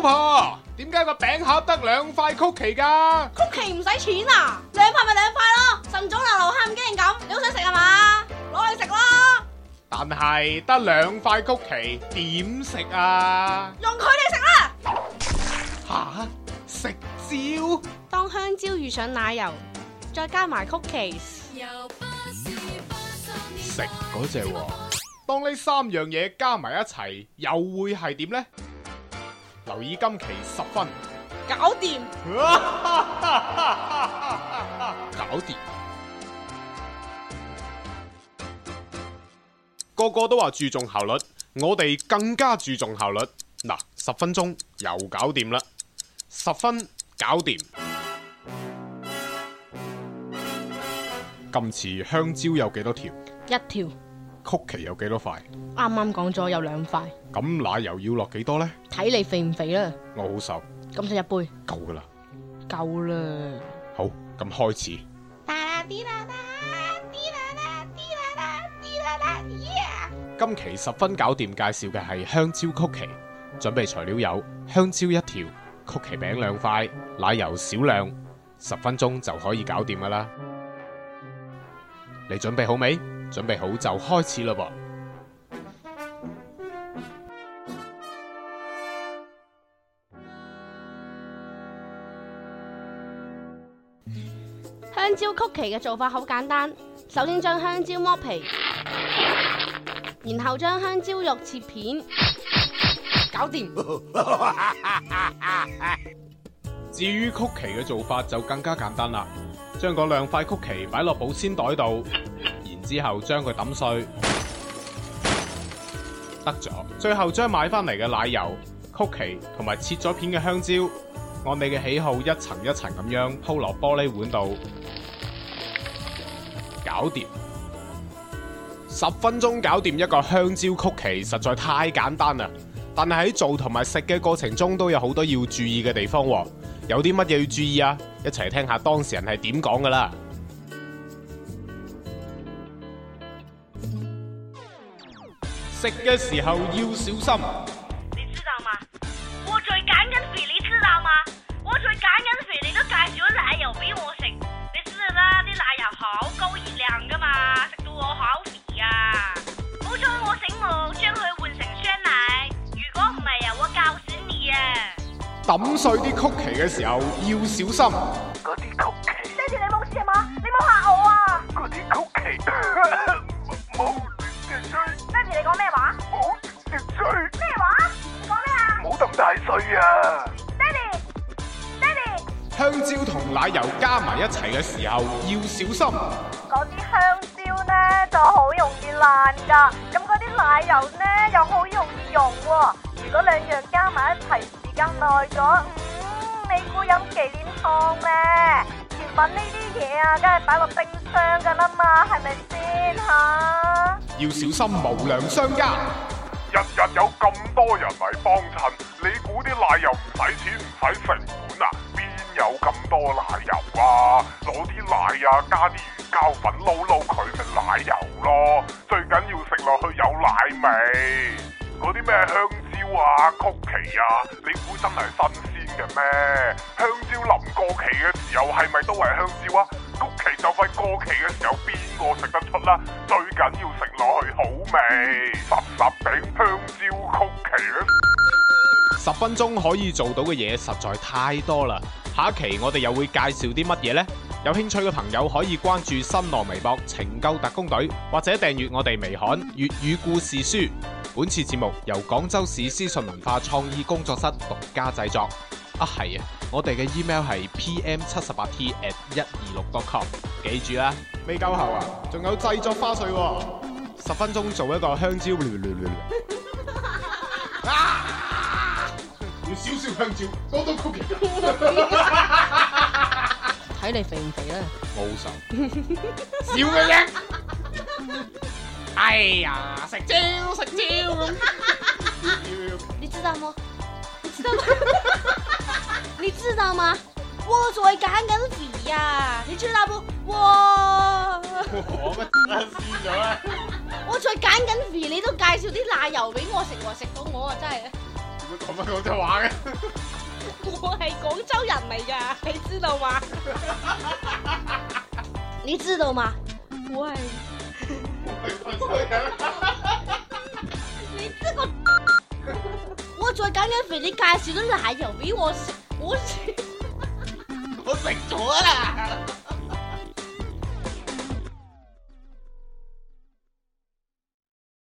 婆，點解個餅盒得兩塊曲奇噶？曲奇唔使錢啊，兩塊咪兩塊咯。晨早流流喊唔驚咁，你好想食係嘛？攞去食啦。但係得兩塊曲奇點食啊？用佢哋食啦。吓，食蕉？當香蕉遇上奶油，再加埋曲奇，食嗰隻。當呢三樣嘢加埋一齊，又會係點呢？留意今期十分，搞掂定， 搞掂，個個都話注重效率，我哋更加注重效率。嗱、啊，十分鐘又搞掂啦，十分搞掂。今次香蕉有幾多條？一條。曲奇有幾多塊？啱啱講咗有兩塊。咁奶油要落幾多呢？睇你肥唔肥啦。我好瘦。咁就一杯。夠噶啦。夠啦了。好，咁開始。 今期十分搞掂，介紹嘅係香蕉曲奇。準備材料有香蕉一條，曲奇餅兩塊，奶油少量。十分鐘就可以搞掂噶啦。你準備好未？準備好就開始啦噃！香蕉曲奇嘅做法好簡單，首先將香蕉剝皮，然後將香蕉肉切片，搞掂。 至於曲奇嘅做法就更加簡單啦，將嗰兩塊曲奇擺落保鮮袋度。之後將佢抌碎，得咗。最後將買翻嚟嘅奶油、曲奇同埋切咗片嘅香蕉，按你嘅喜好一層一層咁樣鋪落玻璃碗度，搞掂。十分鐘搞掂一個香蕉曲奇，實在太簡單啦！但係喺做同埋食嘅過程中，都有好多要注意嘅地方。有啲乜嘢要注意啊？一齊聽一下當事人係點講噶啦。食嘅時候要小心。你知道嗎？我在減緊肥，你知道嗎？我在減緊肥，你都介紹奶油俾我食。你知道啦，啲奶油好高熱量噶嘛，食到我好肥啊！好彩我醒目，將佢換成酸奶。如果唔係啊，我教訓你啊！抌碎啲曲奇嘅時候要小心。嗰啲曲奇。爹哋，你冇事嘛？你冇嚇我啊！嗰啲曲奇。 細水啊，爹哋，爹哋，香蕉同奶油加埋一齊嘅時候要小心。嗰啲香蕉咧就好容易爛噶，咁嗰啲奶油咧又好容易溶。如果兩樣加埋一齊時間耐咗，嗯，你估飲忌廉湯咩？甜品呢啲嘢啊，梗係擺落冰箱噶啦嘛，係咪先吓？要小心無良商家，日日有咁多人嚟幫襯。攞啲奶油唔使錢唔使成本啊，邊有咁多奶油啊？攞啲奶啊，加啲魚膠粉撈撈佢咪奶油咯？最緊要食落去有奶味。嗰啲咩香蕉啊曲奇啊，你估真係新鮮嘅咩？香蕉臨過期嘅時候係咪都係香蕉啊？曲奇就快過期嘅時候邊個食得出啦？最緊要食落去好味，十十餅香蕉曲奇、啊十分鐘可以做到嘅嘢實在太多啦！下一期我哋又會介紹啲乜嘢呢？有興趣嘅朋友可以關注新浪微博“拯救特工隊”，或者訂閱我哋微刊《粵語故事書》。本次節目由廣州市思信文化創意工作室獨家製作。啊係啊！我哋嘅 email 係 pm 七十八 t f at 一二六 .com，記住啦。未夠喉啊！仲有製作花絮、啊，十分鐘做一個香蕉。少少香蕉，多多曲奇。睇 你肥唔肥啦，冇瘦仇，少嘅啫。 哎呀，食蕉食蕉 你知道麼？知道麼？你知道麼？ 我再減緊肥呀，你知道不？我我咪突然試咗啦。我再減緊肥，你都介紹啲奶油俾我食，話食到我啊，真係。咁乜廣州話嘅？ 我係廣州人嚟噶，你知道嗎？ 你知道嗎？我係我再減緊肥，你介紹咗奶油俾我食，我食， 我食咗啦。